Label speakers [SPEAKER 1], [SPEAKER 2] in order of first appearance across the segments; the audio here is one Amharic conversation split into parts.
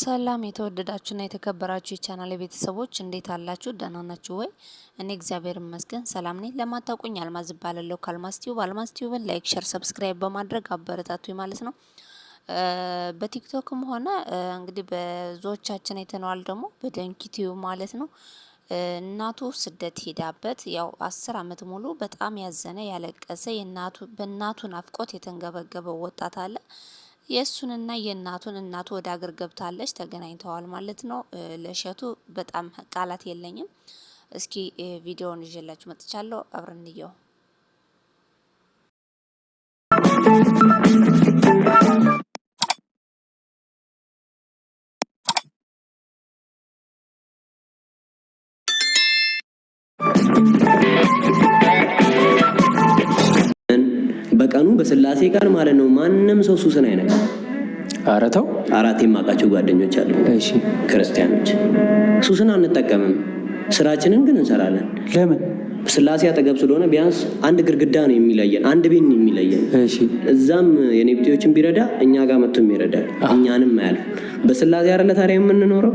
[SPEAKER 1] ሰላም የተወደዳችሁና የተከበራችሁ የቻናል ቤተሰቦች እንዴት አላችሁ? ደህና ናችሁ ወይ? እኔ እግዚአብሔር ይመስገን ሰላም ነኝ። ለማታውቁኝ አልማዝ እባላለሁ ከአልማዝ ቲዩብ። አልማዝ ቲዩብን ላይክ፣ ሸር፣ ሰብስክራይብ በማድረግ አበረታቱ ማለት ነው። በቲክቶክም ሆነ እንግዲህ በዞቻችን አይተነዋል ደግሞ በደንኪ ቲዩብ ማለት ነው። እናቱ ስደት ሄዳበት ያው አስር አመት ሙሉ በጣም ያዘነ ያለቀሰ በእናቱ ናፍቆት የተንገበገበው ወጣት አለ የእሱንና የእናቱን እናቱ ወደ አገር ገብታለች፣ ተገናኝተዋል ማለት ነው። ለእሸቱ በጣም ቃላት የለኝም። እስኪ ቪዲዮውን ይዤላችሁ መጥቻለሁ። አብረን እንየው።
[SPEAKER 2] በቀኑ በስላሴ ቀን ማለት ነው። ማንም ሰው ሱስን አይነካ። ኧረ ተው አራት የማውቃቸው ጓደኞች አሉ ክርስቲያኖች። ሱስን አንጠቀምም፣ ስራችንን ግን እንሰራለን። ለምን? ስላሴ አጠገብ ስለሆነ ቢያንስ አንድ ግርግዳ ነው የሚለየን፣ አንድ ቤት ነው የሚለየን። እዛም የኔብቴዎችን ቢረዳ እኛ ጋር መጥቶም ይረዳል፣ እኛንም አያልፍ። በስላሴ አይደለ ታዲያ የምንኖረው?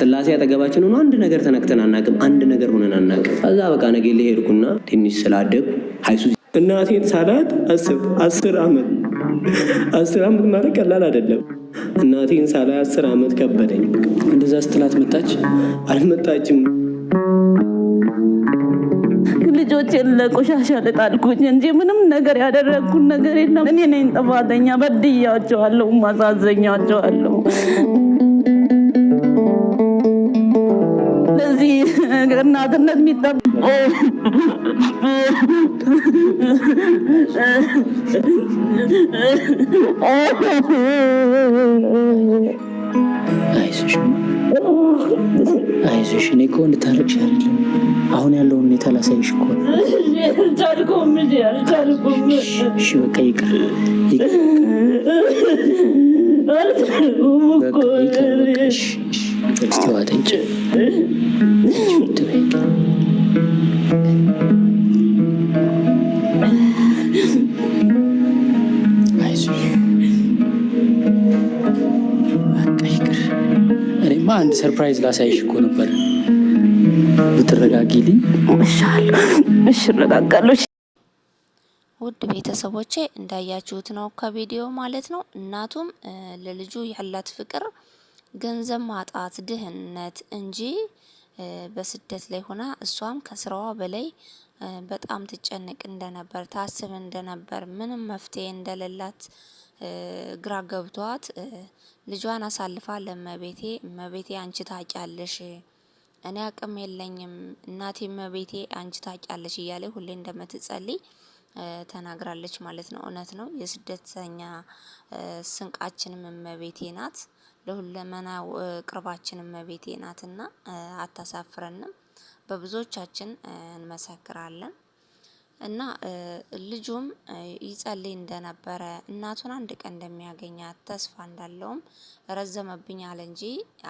[SPEAKER 2] ስላሴ አጠገባችን ሆኖ አንድ ነገር ተነክተን አናቅም፣ አንድ ነገር ሆነን አናቅም። ከዛ በቃ ነገ ሄድኩና ትንሽ ስላደጉ ሀይሱ
[SPEAKER 3] እናቴን ሳላት አስብ አስር ዓመት አስር ዓመት ማለት ቀላል አይደለም። እናቴን ሳላ አስር ዓመት ከበደኝ። እንደዛ ስትላት መጣች አልመጣችም።
[SPEAKER 1] ልጆች ለቆሻሻ ልጣልኩኝ እንጂ ምንም ነገር ያደረግኩን ነገር የለም። እኔ ነኝ ጥፋተኛ። በድያቸዋለሁ፣ ማሳዘኛቸዋለሁ ለዚህ እናትነት የሚጠብ
[SPEAKER 2] አይዞሽ አይዞሽ፣ እኔ እኮ እንድታረቅሽ አይደለም አሁን ያለውን ሁኔታ ላሳይሽ እኮ በቃ ይቅር ይቅር እስቲ ዋጥንጭ አንድ ሰርፕራይዝ ላሳይሽ እኮ ነበር። ብትረጋጊልኝ
[SPEAKER 1] እረጋጋለሁ። ውድ ቤተሰቦቼ እንዳያችሁት ነው ከቪዲዮ ማለት ነው። እናቱም ለልጁ ያላት ፍቅር ገንዘብ ማጣት፣ ድህነት እንጂ በስደት ላይ ሆና እሷም ከስራዋ በላይ በጣም ትጨነቅ እንደነበር ታስብ እንደነበር ምንም መፍትሄ እንደሌላት ግራ ገብቷት ልጇን አሳልፋ ለመቤቴ እመቤቴ አንቺ ታውቂያለሽ፣ እኔ አቅም የለኝም እናቴ እመቤቴ አንቺ ታውቂያለሽ እያለ ሁሌ እንደምትጸልይ ተናግራለች ማለት ነው። እውነት ነው። የስደተኛ ስንቃችንም እመቤቴ ናት። ለሁለመና ቅርባችን እመቤቴ ናትና አታሳፍረንም፣ በብዙዎቻችን እንመሰክራለን። እና ልጁም ይጸልይ እንደነበረ እናቱን አንድ ቀን እንደሚያገኛት ተስፋ እንዳለውም ረዘመብኝ አለ እንጂ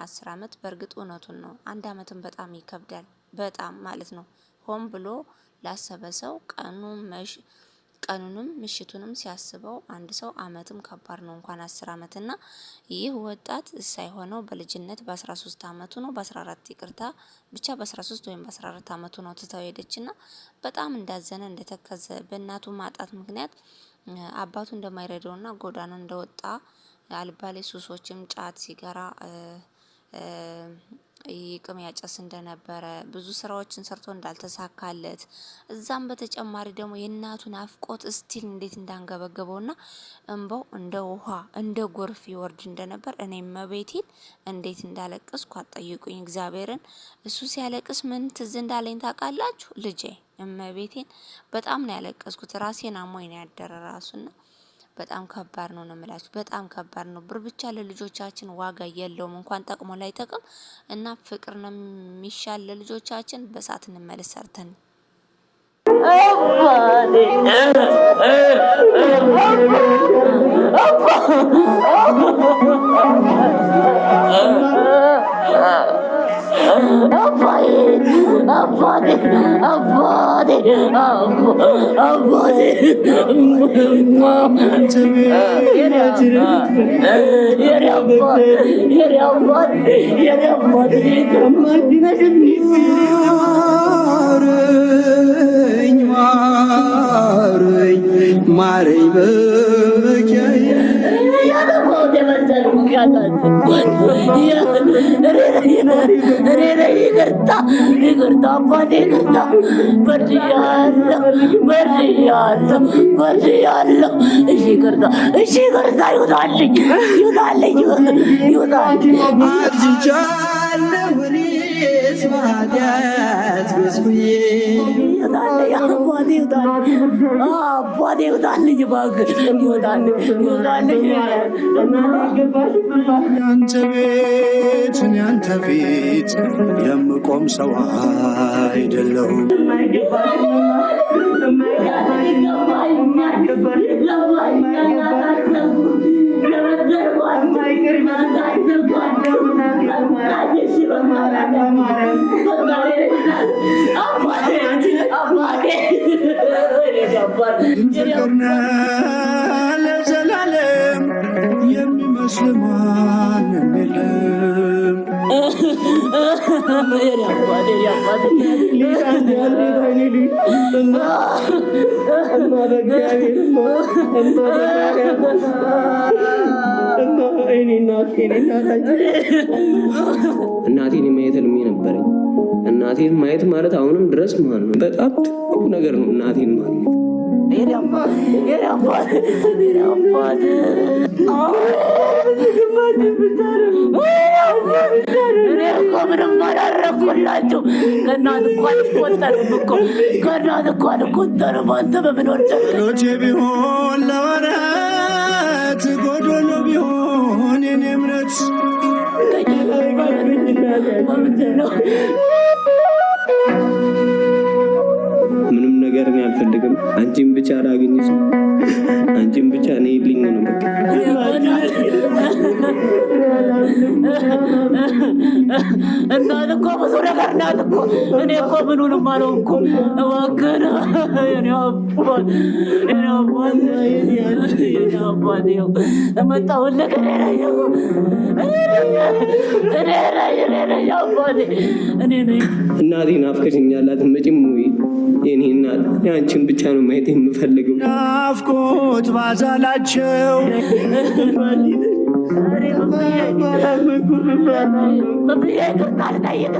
[SPEAKER 1] አስር አመት በእርግጥ እውነቱን ነው። አንድ አመትን በጣም ይከብዳል። በጣም ማለት ነው። ሆን ብሎ ላሰበ ሰው ቀኑ መሽ ቀኑንም ምሽቱንም ሲያስበው አንድ ሰው አመትም ከባድ ነው እንኳን አስር ና ይህ ወጣት ሳይሆነው በልጅነት በአስራ ሶስት አመቱ ነው በአስራ አራት ይቅርታ ብቻ በአስራ ሶስት ወይም በአስራ አራት አመቱ ነው ትተው ና በጣም እንዳዘነ እንደተከዘ በእናቱ ማጣት ምክንያት አባቱ ና ጎዳና እንደወጣ አልባሌ ሱሶችም ጫት፣ ሲገራ ይቅም ያጨስ እንደነበረ ብዙ ስራዎችን ሰርቶ እንዳልተሳካለት እዛም በተጨማሪ ደግሞ የእናቱን አፍቆት እስቲል እንዴት ና እንበው እንደ ውሃ እንደ ጎርፍ ይወርድ እንደነበር እኔ መቤቴን እንዴት እንዳለቀስኩ አጠይቁኝ እግዚአብሔርን። እሱ ሲያለቅስ ምን ትዝ እንዳለኝ ታውቃላችሁ? ልጄ እመቤቴን በጣም ነው ያለቀስኩት። ራሴን አሞኝ ነው ያደረ ራሱና በጣም ከባድ ነው ነው የምላችሁ። በጣም ከባድ ነው። ብር ብቻ ለልጆቻችን ዋጋ የለውም፣ እንኳን ጠቅሞ ላይ ጠቅም እና ፍቅር ነው የሚሻል ለልጆቻችን። በሰዓት እንመለስ ሰርተን አባቴ
[SPEAKER 4] ማረኝ ማረኝ ማረኝ
[SPEAKER 1] እኔ ነኝ። ይቅርታ ይቅርታ፣ አባቴ ይቅርታ። በድያለሁ በድያለሁ በድያለሁ። እሺ ይቅርታ፣ ይውጣልኝ ይውጣልኝ ይውጣልኝ
[SPEAKER 4] ያንተ ቤት ያንተ ፊት የምቆም ሰው አይደለሁም። ፍቅርነ ለዘላለም የሚመስል ማንም የለም።
[SPEAKER 1] እናቴን
[SPEAKER 2] የማየት ህልሜ ነበረኝ። እናቴን ማየት ማለት አሁንም ድረስ ማን ነው በጣም ትልቁ ነገር ነው እናቴን ማግኘት
[SPEAKER 1] ምንም አላረኩላችሁ። ከእናት
[SPEAKER 4] ቢሆን ለወረት ጎዶሎ ቢሆን የኔ እምነት
[SPEAKER 2] አልፈልግም። አንቺን ብቻ ላገኝሽ፣ አንቺን ብቻ እኔ ልኝ ነው
[SPEAKER 1] እናት እኮ ብዙ ነገር ናት እኮ እኔ እኮ ምኑንም አልሆንኩም። እባክህን መጣሁልህ
[SPEAKER 2] እናቴ ናፍቀሽኛል አትመጪም ወይ? እናት! አንቺን ብቻ ነው ማየት የምፈልገው።
[SPEAKER 4] ናፍቆት ባዛላቸው
[SPEAKER 1] ይቅርታ ልጠይቅ